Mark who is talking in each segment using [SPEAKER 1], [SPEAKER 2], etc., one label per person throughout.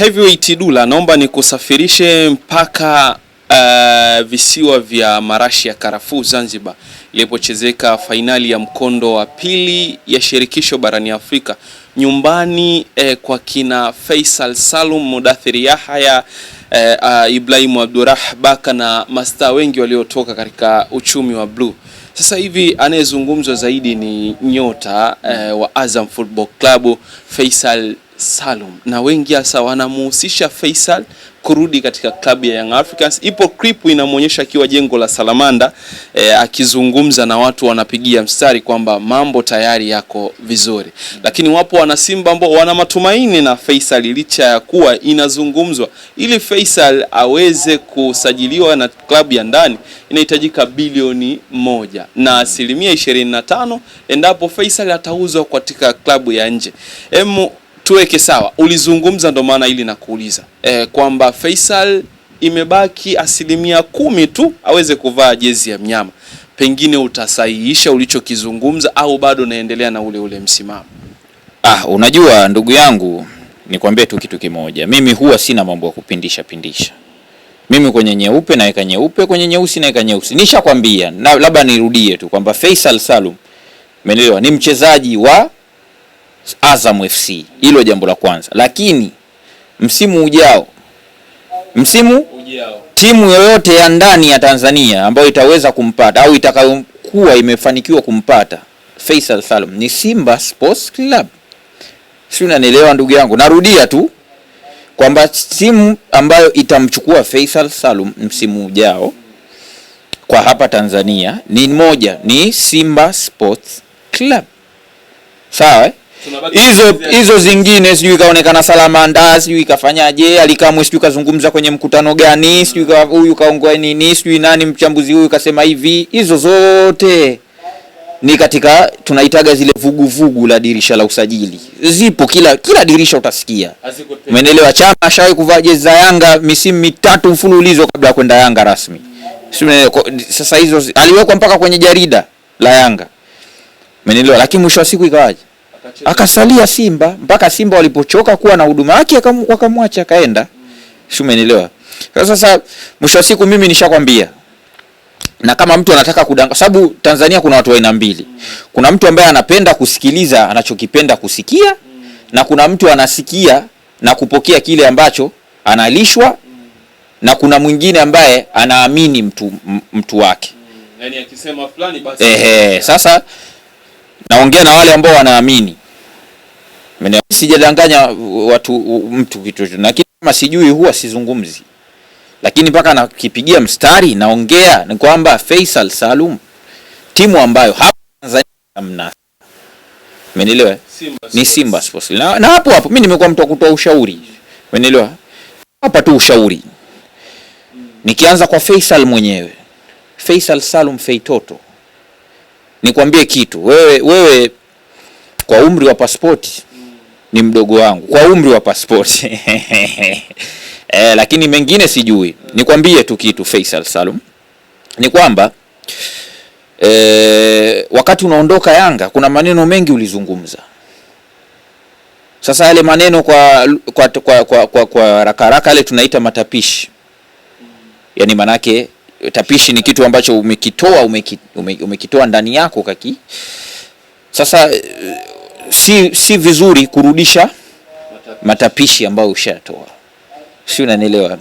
[SPEAKER 1] Heavyweight Dula, naomba nikusafirishe mpaka uh, visiwa vya marashi ya karafuu Zanzibar, ilipochezeka fainali ya mkondo wa pili ya shirikisho barani Afrika nyumbani eh, kwa kina Faisal Salum, Mudathiri yahaya eh, uh, ah, Ibrahimu Abdurah Baka na mastaa wengi waliotoka katika uchumi wa bluu. Sasa hivi anayezungumzwa zaidi ni nyota eh, wa Azam Football Club Faisal Salum na wengi hasa wanamuhusisha Faisal kurudi katika klabu ya Young Africans. Ipo clip inamuonyesha akiwa jengo la Salamanda e, akizungumza na watu wanapigia mstari kwamba mambo tayari yako vizuri, lakini wapo wana Simba ambao wana matumaini na Faisal licha ya kuwa inazungumzwa ili Faisal aweze kusajiliwa na klabu ya ndani inahitajika bilioni moja na asilimia ishirini na tano endapo Faisal atauzwa katika klabu ya nje. Emu tuweke sawa, ulizungumza ndo maana ili nakuuliza e, kwamba Faisal imebaki asilimia kumi tu aweze kuvaa jezi ya mnyama, pengine utasahihisha ulichokizungumza au bado unaendelea na ule ule msimamo? Ah, unajua ndugu yangu, nikwambie tu kitu kimoja, mimi huwa sina mambo ya kupindisha pindisha. Mimi kwenye nyeupe naweka nyeupe, kwenye nyeusi naweka nyeusi. Nishakwambia, labda nirudie tu kwamba Faisal Salum, umeelewa, ni mchezaji wa Azam FC. Hilo jambo la kwanza, lakini msimu ujao, msimu ujao, timu yoyote ya ndani ya Tanzania ambayo itaweza kumpata au itakayokuwa imefanikiwa kumpata Faisal Salum ni Simba Sports Club. Si unanielewa ndugu yangu? Narudia tu kwamba timu ambayo itamchukua Faisal Salum msimu ujao kwa hapa Tanzania ni moja, ni Simba Sports Club. Sawa? Eh? hizo hizo zingine sijui ikaonekana salamanda, sijui ikafanyaje, alikamwe sijui kazungumza kwenye mkutano gani, sijui huyu kaongoa nini, sijui nani mchambuzi huyu kasema hivi. Hizo zote ni katika tunaitaga zile vuguvugu vugu la dirisha la usajili. Zipo kila kila dirisha utasikia, umeelewa. Chama ashawahi kuvaa jezi za Yanga misimu mitatu mfululizo kabla ya kwenda Yanga rasmi. Sasa hizo aliwekwa mpaka kwenye jarida la Yanga, umeelewa, lakini mwisho wa siku ikawaje? akasalia Simba mpaka Simba walipochoka kuwa na huduma yake wakamwacha akaenda. Si umeelewa? Sasa mwisho wa siku mimi nishakwambia, na kama mtu anataka kudanga, sababu Tanzania kuna watu aina mbili. Kuna mtu ambaye anapenda kusikiliza anachokipenda kusikia, na kuna mtu anasikia na kupokea kile ambacho analishwa, na kuna mwingine ambaye anaamini mtu, mtu wake.
[SPEAKER 2] Yani akisema fulani basi.
[SPEAKER 1] Ehe, sasa naongea na wale ambao wanaamini. Sijadanganya watu mtu kitu lakini kama sijui huwa sizungumzi, lakini mpaka nakipigia mstari naongea ni kwamba Faisal Salum timu ambayo hapa Tanzania hamna, Ni Simba Sports na, na hapo hapo mimi nimekuwa mtu wa kutoa ushauri, menelewa Hapa tu ushauri mm. nikianza kwa Faisal mwenyewe, Faisal Salum Feitoto nikwambie kitu wewe, wewe kwa umri wa pasipoti ni mdogo wangu kwa umri wa pasipoti e, lakini mengine sijui. Nikwambie tu kitu Faisal Salum ni kwamba e, wakati unaondoka Yanga kuna maneno mengi ulizungumza. Sasa yale maneno kwa kwa kwa kwa, kwa, kwa haraka haraka yale tunaita matapishi, yani manake tapishi ni kitu ambacho umekitoa umekitoa ndani yako kaki. Sasa eh, si, si vizuri kurudisha matapishi ambayo ushatoa, si unanielewa?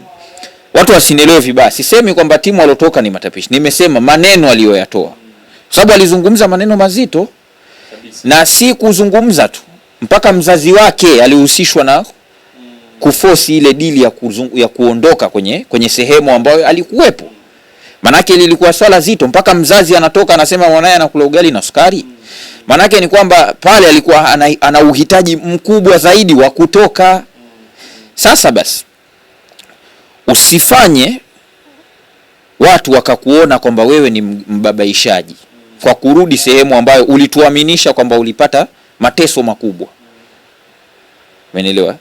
[SPEAKER 1] Watu wasinielewe vibaya, sisemi kwamba timu aliotoka ni matapishi, nimesema maneno aliyoyatoa, sababu alizungumza maneno mazito Na si kuzungumza tu, mpaka mzazi wake alihusishwa na kufosi ile dili ya, kuzungu, ya kuondoka kwenye, kwenye sehemu ambayo alikuwepo. Manake lilikuwa swala zito mpaka mzazi anatoka anasema mwanae anakula ugali na sukari. Manake ni kwamba pale alikuwa ana, ana uhitaji mkubwa zaidi wa kutoka. Sasa basi usifanye watu wakakuona kwamba wewe ni mbabaishaji kwa kurudi sehemu ambayo ulituaminisha kwamba ulipata mateso makubwa. Umeelewa?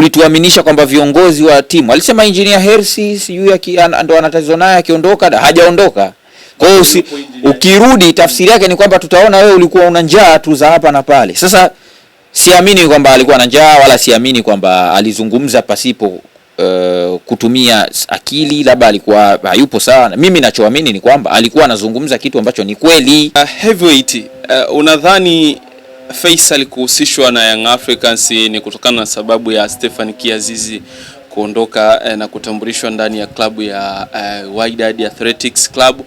[SPEAKER 1] ulituaminisha kwamba viongozi wa timu alisema injinia Hersi sijui ndo ana tatizo naye akiondoka, hajaondoka. Kwa hiyo usi, ukirudi tafsiri yake ni kwamba tutaona wewe ulikuwa una njaa tu za hapa na pale. Sasa siamini kwamba alikuwa na njaa wala siamini kwamba alizungumza pasipo uh, kutumia akili, labda alikuwa hayupo sawa. Mimi nachoamini ni kwamba alikuwa anazungumza kitu ambacho ni kweli. Uh,
[SPEAKER 2] Heavyweight, uh, unadhani Faisal kuhusishwa na Young Africans ni kutokana na sababu ya Stefan Kiazizi kuondoka eh, na kutambulishwa ndani ya klabu ya eh, Wydad Athletics Club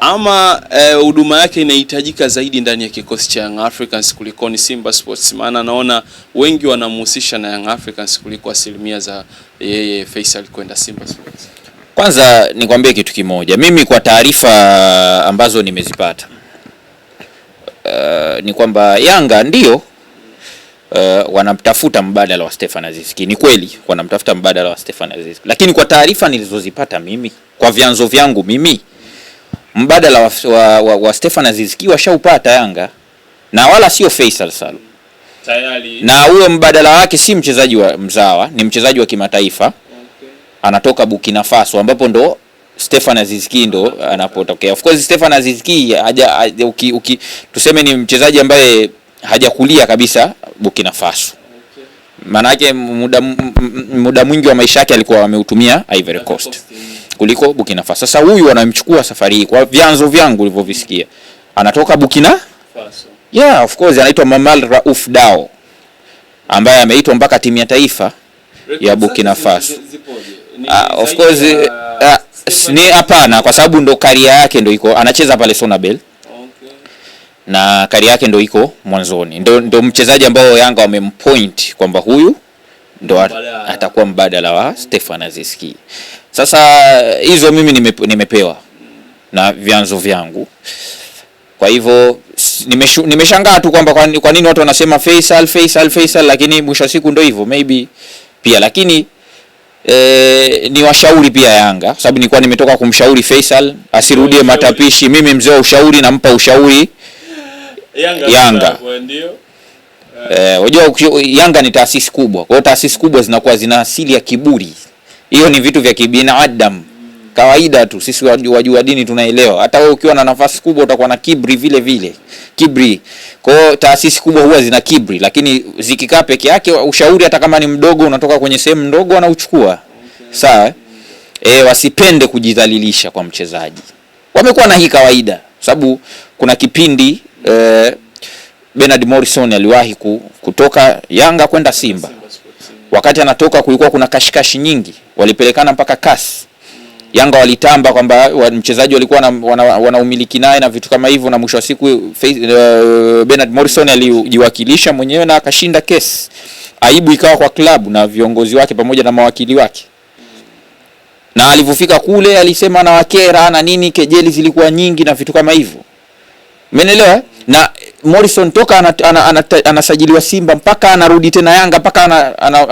[SPEAKER 2] ama eh, huduma eh, yake inahitajika zaidi ndani ya kikosi cha Young Africans ni Simba Sports, maana naona wengi wanamhusisha na Young Africans kuliko asilimia za yeye Faisal kwenda Simba Sports.
[SPEAKER 1] Kwanza nikwambie kitu kimoja, mimi kwa taarifa ambazo nimezipata Eh, ni kwamba Yanga ndio uh, wanamtafuta mbadala wa Stefan Aziz Ki. Ni kweli wanamtafuta mbadala wa Stefan Aziz lakini kwa taarifa nilizozipata mimi kwa vyanzo vyangu mimi mbadala wa, wa, wa, wa Stefan Aziz Ki washaupata Yanga na wala sio Faisal Salum tayari, na huyo mbadala wake si mchezaji wa mzawa, ni mchezaji wa kimataifa okay, anatoka Burkina Faso ambapo ndo Stefan Aziz ndo anapotokea. Of course Stefan Aziz Ki haja uki, uki, tuseme ni mchezaji ambaye hajakulia kabisa Burkina Faso. Maana yake muda, muda mwingi wa maisha yake alikuwa ameutumia Ivory Coast kuliko Burkina Faso. Sasa huyu anamchukua safari hii kwa vyanzo vyangu ulivyovisikia. Anatoka Burkina Faso. Yeah, of course anaitwa Mamal Raouf Dao ambaye ameitwa mpaka timu ya taifa ya Burkina Faso. Uh, of course uh, ni hapana, kwa sababu ndo karia yake ndo iko anacheza pale Sonabel na karia yake ndo iko mwanzoni, ndo, ndo mchezaji ambao Yanga wamempoint kwamba huyu ndo atakuwa mbadala wa Stefan Aziski. Sasa hizo mimi nimepewa, na vyanzo vyangu, kwa hivyo nimeshangaa tu kwamba kwa nini watu wanasema Faisal Faisal Faisal, lakini mwisho wa siku ndo hivyo maybe pia lakini E, ni washauri pia Yanga kwa sababu nilikuwa nimetoka kumshauri Faisal asirudie matapishi. Mimi mzee wa ushauri nampa ushauri Yanga, Yanga. Eh, unajua Yanga ni taasisi kubwa, kwa hiyo taasisi kubwa zinakuwa zina asili ya kiburi, hiyo ni vitu vya kibinadamu kawaida tu, sisi wajua dini tunaelewa. Hata wewe ukiwa na nafasi kubwa utakuwa na kibri vile vile, kibri. Kwa hiyo taasisi kubwa huwa zina kibri, lakini zikikaa peke yake, ushauri hata kama ni mdogo unatoka kwenye sehemu ndogo, wanauchukua sawa. E, wasipende kujidhalilisha kwa mchezaji, wamekuwa na hii kawaida, sababu kuna kipindi e, Bernard Morrison aliwahi kutoka Yanga kwenda Simba. Wakati anatoka kulikuwa kuna kashikashi nyingi, walipelekana mpaka kasi Yanga walitamba kwamba mchezaji walikuwa wanaumiliki wana naye na vitu kama hivyo, na mwisho wa siku uh, Bernard Morrison alijiwakilisha mwenyewe na akashinda kesi. Aibu ikawa kwa klabu na viongozi wake pamoja na mawakili wake, na alivyofika kule alisema na wakera na nini, kejeli zilikuwa nyingi na vitu kama hivyo, umeelewa? Eh? Na Morrison toka anasajiliwa ana, ana Simba mpaka anarudi tena Yanga mpaka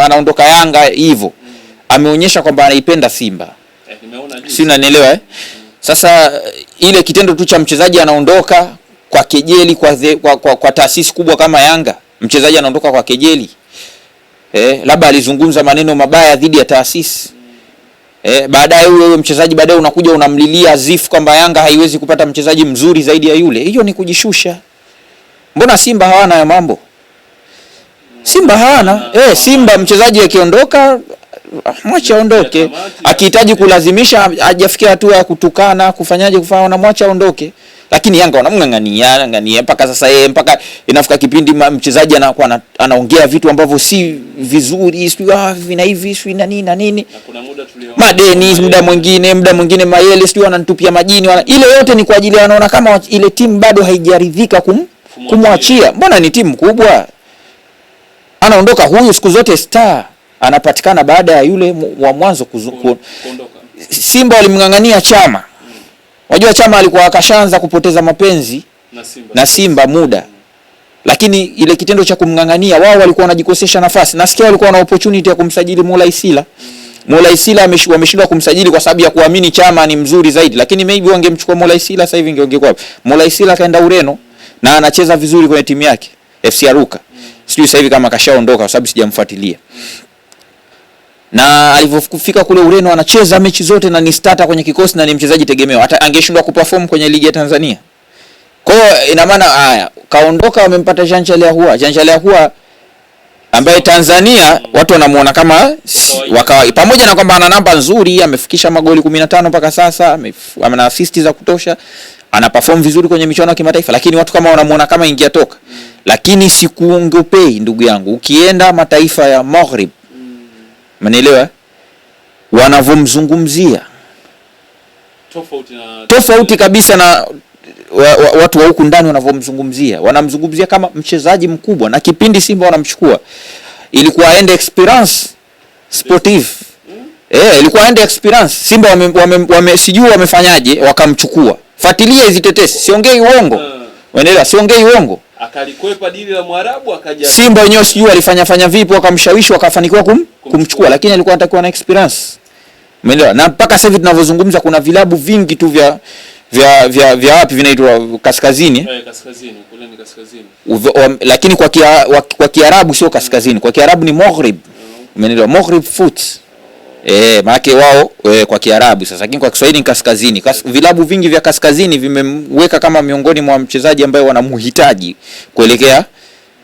[SPEAKER 1] anaondoka ana, ana Yanga hivyo ameonyesha kwamba anaipenda Simba si unanielewa eh? Sasa ile kitendo tu cha mchezaji anaondoka kwa kejeli kwa, the, kwa, kwa, kwa taasisi kubwa kama Yanga, mchezaji anaondoka kwa kejeli eh, labda alizungumza maneno mabaya dhidi ya taasisi eh, baadaye huyo huyo mchezaji baadaye unakuja unamlilia ZIF kwamba Yanga haiwezi kupata mchezaji mzuri zaidi ya yule. Hiyo ni kujishusha. Mbona Simba hawana ya mambo? Simba hawana eh, Simba mchezaji akiondoka mwache aondoke. Akihitaji kulazimisha, ajafikia hatua ya kutukana, kufanyaje, kufanya na mwache aondoke. Lakini Yanga wanamng'ang'ania ng'ania mpaka sasa yeye, mpaka inafika kipindi mchezaji anakuwa anaongea vitu ambavyo si vizuri, sio ah, hivi na hivi, sio na nini na nini, madeni, muda mwingine muda mwingine mayele, sio wananitupia majini, wana ile yote ni kwa ajili, wanaona kama ile timu bado haijaridhika kum, kumwachia. Mbona ni timu kubwa, anaondoka huyu siku zote star anapatikana baada ya yule wa mwanzo kuondoka. Simba walimng'ang'ania Chama, wajua Chama alikuwa akashaanza kupoteza mapenzi na Simba, na Simba muda mm. Lakini ile kitendo cha kumng'ang'ania, wao walikuwa wanajikosesha nafasi. Nasikia walikuwa na opportunity ya kumsajili Mola Isila mm. Mola Isila wameshindwa kumsajili kwa sababu ya kuamini Chama ni mzuri zaidi, lakini maybe wangemchukua Mola Isila sasa hivi ingeongekwa. Mola Isila kaenda Ureno na anacheza vizuri kwenye timu yake FC Aruka, sijui sasa hivi kama kashaondoka, kwa sababu sijamfuatilia. mm na alivyofika kule Ureno anacheza mechi zote na ni starter kwenye kikosi na ni mchezaji tegemeo. Hata angeshindwa kuperform kwenye ligi ya Tanzania. Kwa hiyo ina maana haya, kaondoka wamempata Jean Charles Ahoua. Jean Charles Ahoua ambaye Tanzania watu wanamuona kama wakawa pamoja na kwamba ana namba nzuri, amefikisha magoli 15 mpaka sasa, ana assist za kutosha, ana perform vizuri kwenye michuano ya kimataifa, lakini watu kama wanamuona kama ingia toka. Lakini sikuongopei ndugu yangu, ukienda mataifa ya Maghrib Mnaelewa eh? wanavomzungumzia tofauti, na... tofauti kabisa na watu wa huku ndani wanavomzungumzia. Wanamzungumzia kama mchezaji mkubwa, na kipindi Simba wanamchukua ilikuwa aende experience sportive hmm? Eh, ilikuwa aende experience. Simba wame, wame, wame sijui wamefanyaje wakamchukua. Fuatilia hizi tetesi, siongei uongo. Eh. Unaelewa? Siongei uongo. Akalikwepa dili la Mwarabu akaja Simba wenyewe sijui alifanya fanya vipi wakamshawishi wakafanikiwa kum, kumchukua lakini alikuwa anatakiwa na experience. Umeelewa? Na mpaka sasa hivi tunavyozungumza kuna vilabu vingi tu vya vya vya, vya wapi vinaitwa kaskazini. Eh,
[SPEAKER 2] kaskazini, kule ni kaskazini.
[SPEAKER 1] Uve, um, lakini kwa kia, wa, kwa Kiarabu sio kaskazini. Kwa Kiarabu ni Maghrib. Mm. Umeelewa? Maghrib foot. Eh, maana wao e, kwa Kiarabu sasa, lakini kwa Kiswahili ni kaskazini. Kas, vilabu vingi vya kaskazini vimemweka kama miongoni mwa mchezaji ambaye wanamhitaji kuelekea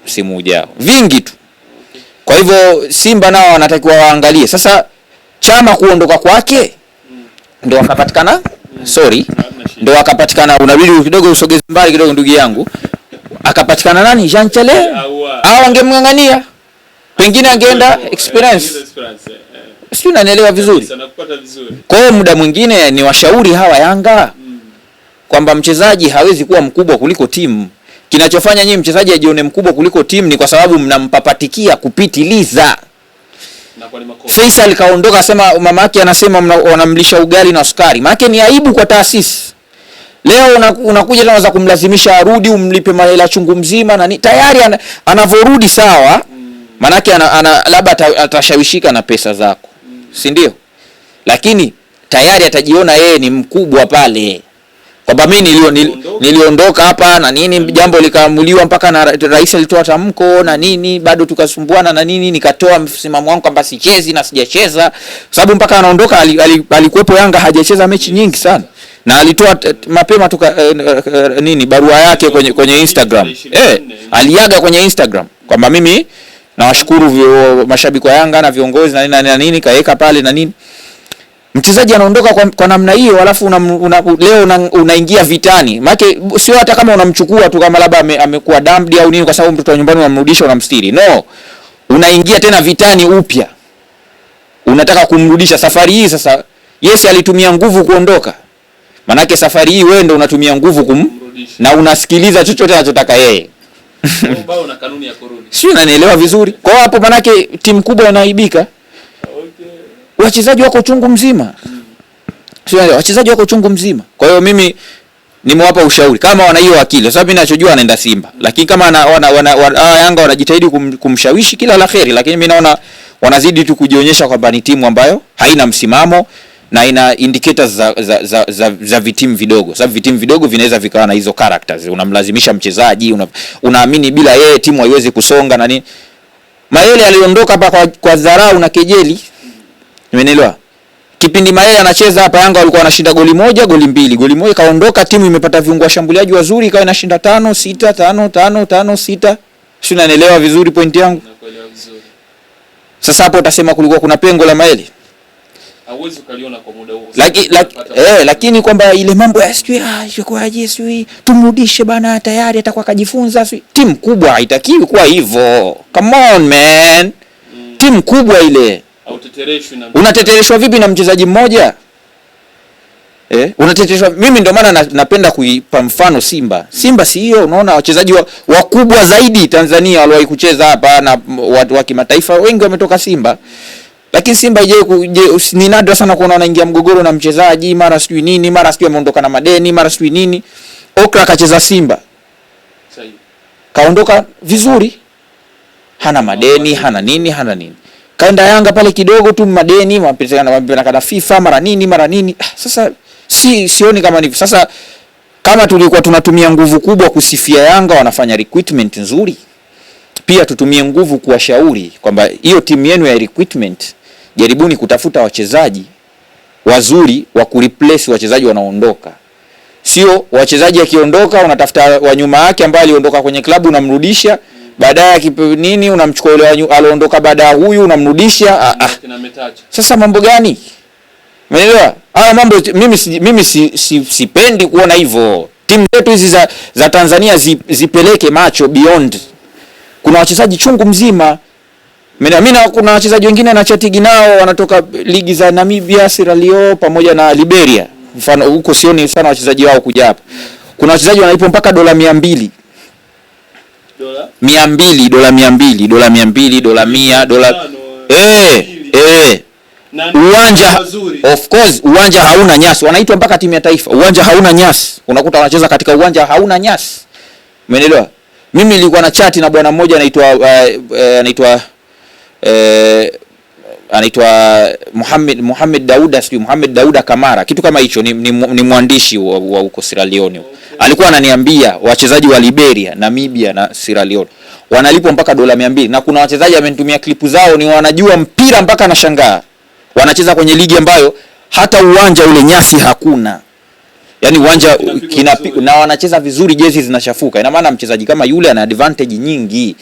[SPEAKER 1] msimu ujao, vingi tu. Kwa hivyo Simba nao wanatakiwa waangalie sasa, Chama kuondoka kwake ndo wakapatikana, sorry, ndio wakapatikana, unabidi kidogo usogeze mbali kidogo, ndugu yangu, akapatikana nani, Jean Chalet au angemng'ang'ania pengine angeenda experience si unanielewa vizuri? Kwa hiyo muda mwingine ni washauri hawa Yanga mm. kwamba mchezaji hawezi kuwa mkubwa kuliko timu. Kinachofanya nyinyi mchezaji ajione mkubwa kuliko timu ni kwa sababu mnampapatikia kupitiliza. Faisal kaondoka sema mama yake anasema wanamlisha ugali na sukari. Maana ni aibu kwa taasisi. Leo unakuja una tena kumlazimisha arudi umlipe mahela chungu mzima na ni tayari anavorudi anavyorudi sawa. Mm. Maanake ana, ana, labda atashawishika na pesa zako si ndio? Lakini tayari atajiona yeye ni mkubwa pale, kwamba mimi niliondoka hapa na nini, mm. jambo likaamuliwa mpaka na rais alitoa tamko na nini, bado tukasumbuana na nini, nikatoa msimamo wangu kwamba sichezi na sijacheza, kwa sababu mpaka anaondoka alikuwepo Yanga, hajacheza mechi nyingi sana na alitoa mapema tuka, eh, eh, eh, nini barua yake kwenye, kwenye Instagram eh, aliaga kwenye Instagram kwamba mimi na washukuru mashabiki wa Yanga na viongozi na nini na nini, kaweka pale na nini. Mchezaji anaondoka kwa, kwa namna hiyo, alafu una, una, leo unaingia una vitani make, sio hata kama unamchukua tu kama labda ame, amekuwa damdi au nini, kwa sababu mtoto wa nyumbani unamrudisha unamstiri. No, unaingia tena vitani upya, unataka kumrudisha safari hii sasa. Yesi alitumia nguvu kuondoka, manake safari hii wewe ndio unatumia nguvu kum, na unasikiliza chochote anachotaka yeye si unanielewa vizuri? Kwa hapo manake timu kubwa inaaibika. Okay. Wachezaji wako chungu mzima. Mm. wachezaji wako chungu mzima. Kwa hiyo mimi nimewapa ushauri kama wana hiyo akili, sababu mimi ninachojua anaenda Simba, lakini kama wana, wana, wana, wana Yanga wanajitahidi kum, kumshawishi kila la kheri, lakini mimi naona wanazidi tu kujionyesha kwamba ni timu ambayo haina msimamo na ina indicators za, za, za, za, za vitimu vidogo, sababu vitimu vidogo vinaweza vikawa na hizo characters. Unamlazimisha mchezaji, unaamini una bila yeye timu haiwezi kusonga na nini. Mayele aliondoka hapa kwa, kwa dharau na kejeli, umenielewa? Kipindi Mayele anacheza hapa Yanga walikuwa wanashinda goli moja goli mbili goli moja, kaondoka timu imepata viungo washambuliaji wazuri, ikawa inashinda tano sita tano tano tano sita. Si unanielewa vizuri pointi yangu? Sasa hapo utasema kulikuwa kuna pengo la Mayele
[SPEAKER 2] hauwezi ukaliona kwa muda huo.
[SPEAKER 1] laki, eh, lakini kwamba ile mambo ya sijui ah, sijui tumrudishe bana, tayari atakuwa kajifunza. Sijui timu kubwa haitakiwi kuwa hivyo. Come on man, mm. Timu kubwa ile unatetereshwa vipi na mchezaji mmoja eh? Unatetereshwa. Mimi ndio maana napenda kuipa mfano Simba. Simba si hiyo, unaona wachezaji wakubwa wa zaidi Tanzania waliwahi kucheza hapa na wa, wa kimataifa wengi wametoka Simba. Lakini Simba je, ni nadra sana kuona anaingia mgogoro na mchezaji, mara sijui nini, mara sijui ameondoka na madeni, mara sijui nini. Okra akacheza Simba, sahihi, kaondoka vizuri, hana madeni, hana nini, hana nini. Kaenda Yanga pale kidogo tu madeni, mapelekana FIFA mara nini mara nini. Ah, sasa si sioni kama ni sasa kama tulikuwa tunatumia nguvu kubwa kusifia Yanga wanafanya recruitment nzuri, pia tutumie nguvu kuwashauri kwamba hiyo timu yenu ya recruitment Jaribuni kutafuta wachezaji wazuri wa kureplace wachezaji wanaondoka, sio wachezaji akiondoka unatafuta wanyuma yake ambaye aliondoka kwenye klabu unamrudisha baadaye nini, unamchukua yule aliondoka baada ya huyu unamrudisha. Ah, ah. Sasa mambo gani? Umeelewa? Haya mambo mimi mimi sipendi si, si, si kuona hivyo. Timu zetu hizi za, za Tanzania zipeleke macho beyond. Kuna wachezaji chungu mzima mimi na kuna wachezaji wengine na chatigi nao wanatoka ligi za Namibia, Sierra Leone pamoja na Liberia. Mfano huko sioni sana wachezaji wao kuja hapa. Kuna wachezaji wanalipwa mpaka dola 200. Dola 200, dola 200, dola 200, dola 100, dola eh eh uwanja of course, uwanja hauna nyasi, wanaitwa mpaka timu ya taifa. Uwanja hauna nyasi, unakuta wanacheza katika uwanja hauna nyasi, umeelewa? Mimi nilikuwa na chati na bwana mmoja anaitwa eh, eh, anaitwa uh, uh, eh, anaitwa Muhammad Muhammad Dauda sijui Muhammad Dauda Kamara kitu kama hicho, ni, ni, ni mwandishi wa huko Sierra Leone okay. Alikuwa ananiambia wachezaji wa Liberia, Namibia na Sierra Leone wanalipwa mpaka dola 200 na kuna wachezaji amenitumia klipu zao, ni wanajua mpira mpaka anashangaa, wanacheza kwenye ligi ambayo hata uwanja ule nyasi hakuna yaani uwanja kina na wanacheza vizuri, jezi zinachafuka. Ina maana mchezaji kama yule ana advantage nyingi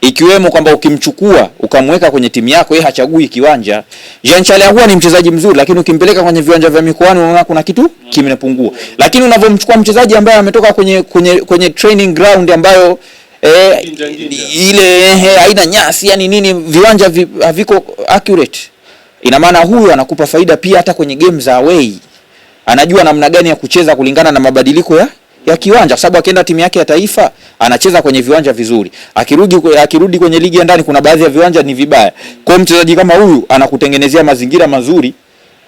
[SPEAKER 1] ikiwemo kwamba ukimchukua ukamweka kwenye timu yako, yeye hachagui kiwanja. Jean Charles ni mchezaji mzuri, lakini ukimpeleka kwenye viwanja vya mikoani unaona kuna kitu kimepungua. Lakini unavyomchukua mchezaji ambaye ametoka kwenye kwenye kwenye training ground ambayo eh, inja, inja, ile eh, haina nyasi yani nini, viwanja haviko accurate, ina maana huyu anakupa faida pia hata kwenye game za away, anajua namna gani ya kucheza kulingana na mabadiliko ya ya kiwanja, sababu akienda timu yake ya taifa anacheza kwenye viwanja vizuri, akirudi akirudi kwenye ligi ya ndani kuna baadhi ya viwanja ni vibaya. Kwa mchezaji kama huyu anakutengenezea mazingira mazuri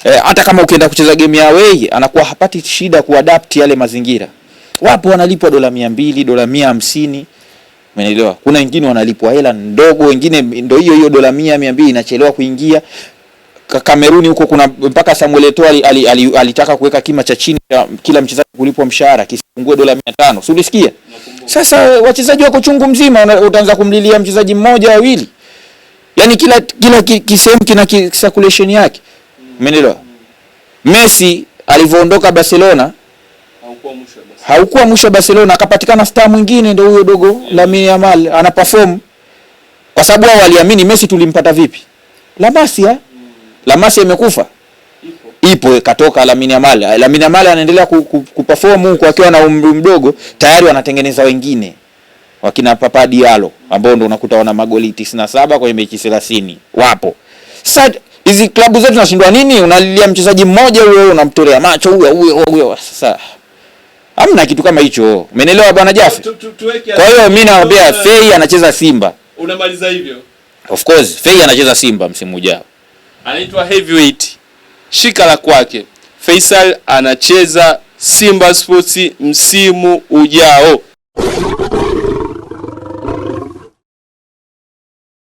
[SPEAKER 1] eh, hata kama ukienda kucheza game ya away anakuwa hapati shida kuadapt yale mazingira. Wapo wanalipwa dola 200 dola 150 Umeelewa? Kuna wengine wanalipwa hela ndogo, wengine ndio hiyo hiyo dola 100 200 inachelewa kuingia. Kameruni huko kuna mpaka Samuel Eto'o alitaka ali, ali, ali kuweka kima cha chini ya kila mchezaji kulipwa mshahara kisipungue dola 500. Si ulisikia? Sasa wachezaji wako chungu mzima, utaanza kumlilia mchezaji mmoja wawili. Yaani kila kila kisehemu kina circulation yake. Umeelewa? Messi alivyoondoka Barcelona haukuwa mwisho wa Barcelona, akapatikana star mwingine, ndio huyo dogo yeah. Lamine Yamal anaperform kwa sababu wao waliamini Messi tulimpata vipi? La Masia Lamassia imekufa ipo katoka Lamine Yamal. Lamine Yamal anaendelea kuperform huko akiwa na umri mdogo, tayari wanatengeneza wengine wakina Papa Diallo ambao ndo unakuta wana magoli 97 kwenye mechi 30 wapo. Sasa hizi klabu zetu tunashindwa nini? Unalilia mchezaji mmoja huyo, unamtolea macho huyo huyo huyo. Sasa hamna kitu kama hicho, umeelewa bwana Jafe? Kwa hiyo mimi naambia Fei anacheza Simba,
[SPEAKER 2] unamaliza hivyo.
[SPEAKER 1] Of course Fei anacheza Simba msimu ujao
[SPEAKER 2] anaitwa Heavyweight, shika la kwake. Faisal anacheza Simba Sports msimu ujao.